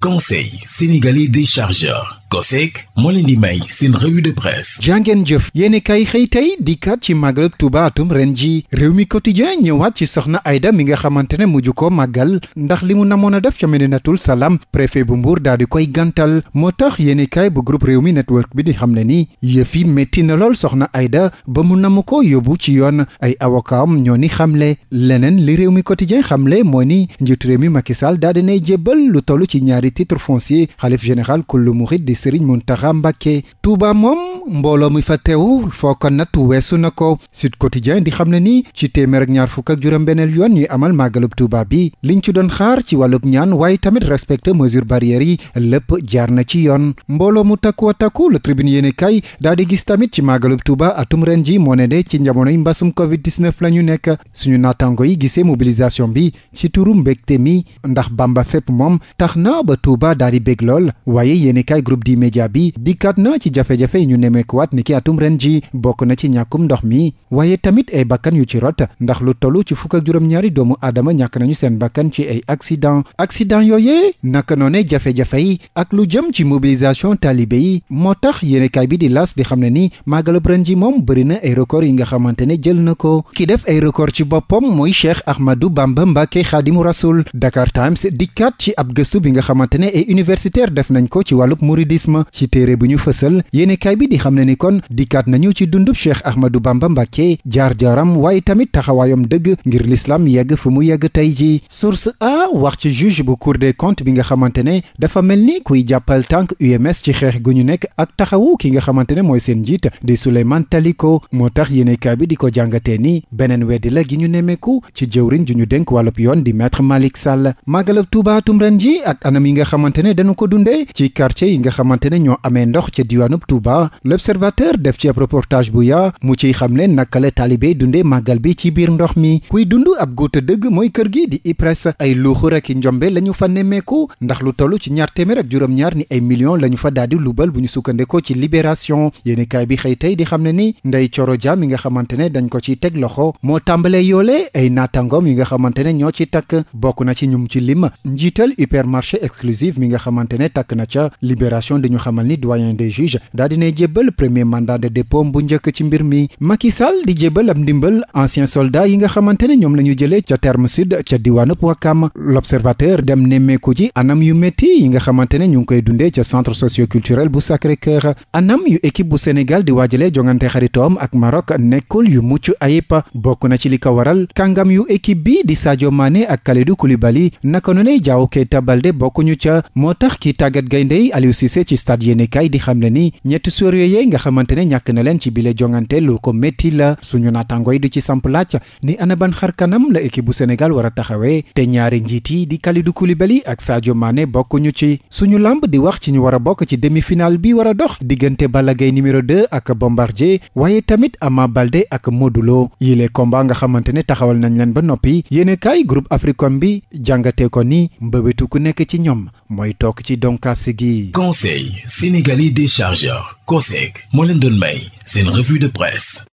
conseil sénégalais des chargeurs COSEC moo leen di may seen jàngeen jëf yéeni kay xëy tey dikkaat ci màggalub tubaatum ren ji réew mi quotidien ñëwaat ci soxna Ayda mi nga xamante ne ju ko màggal ndax li mu namoon a def ca Medinatul Salaam préfet bu Mbuur daal di koy gantal moo tax yéeni kay bu groupe réew mi network bi di xam ne ni yëfi métti na lool soxna Ayda ba mu namu ko yóbbu ci yoon ay awokaam ñoo ni xamle leneen li réew mi quotidien xamle moo ni njiitu réew mi Macky Sall daal di nay jébbal lu toll ci ñaari ñaari titre foncier xalif général kullu murid di Serigne Mountakha Mbacké Touba moom mbooloo mi fa teew foo ko natt weesu na ko Sud Quotidien di xam ne ni ci téeméer ak ñaar fukk ak juróom-beneel yoon ñuy amal màggalub Touba bi liñ ci doon xaar ci wàllub ñaan waaye tamit respecté mesure barrières yi lépp jaar na ci yoon mbooloo mu takku a takku le tribune yéene kay daal di gis tamit ci màggalub Touba atum ren ji moo ne de ci njamonoy mbasum covid 19 la ñu nekk su naataango yi gisee mobilisation bi Touba daal di bég lool waaye yéenekaay groupe di média bi dikkaat na ci jafe-jafe yi ñu nemmeekuwaat ni ki atum ren ji bokk na ci ñàkkum ndox mi waaye tamit ay bakkan yu ci rot ndax lu toll ci fukk ak juróom-ñaari doomu aadama ñàkk nañu seen bakkan ci ay accident accident yooyee naka noone jafe-jafe ak lu jëm ci mobilisation taalibe yi moo tax yéenekaay bi di las di xam ne ni màggalub ren ji moom bëri na ay record yi nga xamante ne jël na ko ki def ay record ci boppam mooy Cheikh Ahmadou Bamba Mbacké Khadimu Rasoul Dakar Times dikkaat ci ab gëstu bi nga xamante xamante ne ay universitaire def nañ ko ci wàllub mouridisme ci téere bu ñu fësal yéenekaay bi di xam ne ni kon dikkaat nañu ci dundub Cheikh Ahmadou Bamba Mbàkke jaar-jaaram waaye tamit taxawaayam dëgg ngir l'islam yegg fu mu yegg tey ji source a wax ci juge bu cour des comptes bi nga xamante ne dafa mel ni kuy jàppal tànk UMS ci xeex gu ñu nekk ak taxawu ki nga xamante ne mooy seen njiit di Souleymane Taliko moo tax yéenekaay bi di ko jàngatee ni beneen weddi la gi ñu nemmeeku ci jëwriñ ju ñu dénk wàllub yoon di maître Malick Sall màggalab nga xamante ne dañu ko dundee ci ne ñoo amee ndox ca diwaanub Touba l'observateur def ci ab reportage ne naka la taalibe dundee bi ci mi kuy dund ab guuta mooy kër gi di ay luuxu rek i njombe la ñu fa nemmeeku ndax lu toll ci ñaar téeméer ak juróom ni ay millions la fa daal di lubal bu ñu sukkandekoo ci libération yéeni kaay bi xëy tey di xam ne ni Ndeye Thioro Dia mi nga xamante ne dañ ko ci teg loxo moo tàmbalee yoole ay naatangoom yi nga xamante ne ñoo ci takk bokk na ci ñum ci lim njiital hypermarché exclusif exclusive mi nga xamante ne takk na ca libération di xamal ni doyen des juges daa jébbal premier mandat de dépôt bu njëkk ci mbir mi Macky di jébbal am ndimbal ancien soldat yi nga xamante ne ñoom la ñu jëlee ca terme sud ca diwaanu Wakam l'observateur dem nemmeeku ji anam yu métti yi nga xamante ne ñu ngi koy dundee ca centre socioculturel bu Sacré-Cœur anam yu équipe bu Sénégal di waajalee jongante xaritoom ak Maroc nekkul yu mucc ayib bokk na ci li ko waral kàngam yu équipe bi di Sadio Mané ak Kalidou Koulibaly naka noonee Diao ca moo tax kii tàggat gaynde yi Aliou Cissé ci stade yéenekaay di xam le ni ñetti suur yooyu nga xamante ne ñàkk na leen ci bile jongante lu ko métti la suñu naataangoo yi di ci samp laaj ni ana ban xar kanam la équipe bu Sénégal war a taxawee te ñaari njiit yi di Kalidou Koulibaly ak Sadio bokkuñu ci suñu lamb di wax ci ñu war a bokk ci demi-finale bi war a dox diggante Balla Gaye numéro 2 ak Bombardier waaye tamit Ama balde ak Modou Lo yile combat nga xamante ne taxawal nañ leen ba noppi yéenekaay groupe Africom bi jàngatee ko ni mbëbëtu ku nekk ci ñoom mooy toog ci donc donkaasi gi. conseil sénégalais des chargeurs COSEC moo leen doon may seen revue de presse.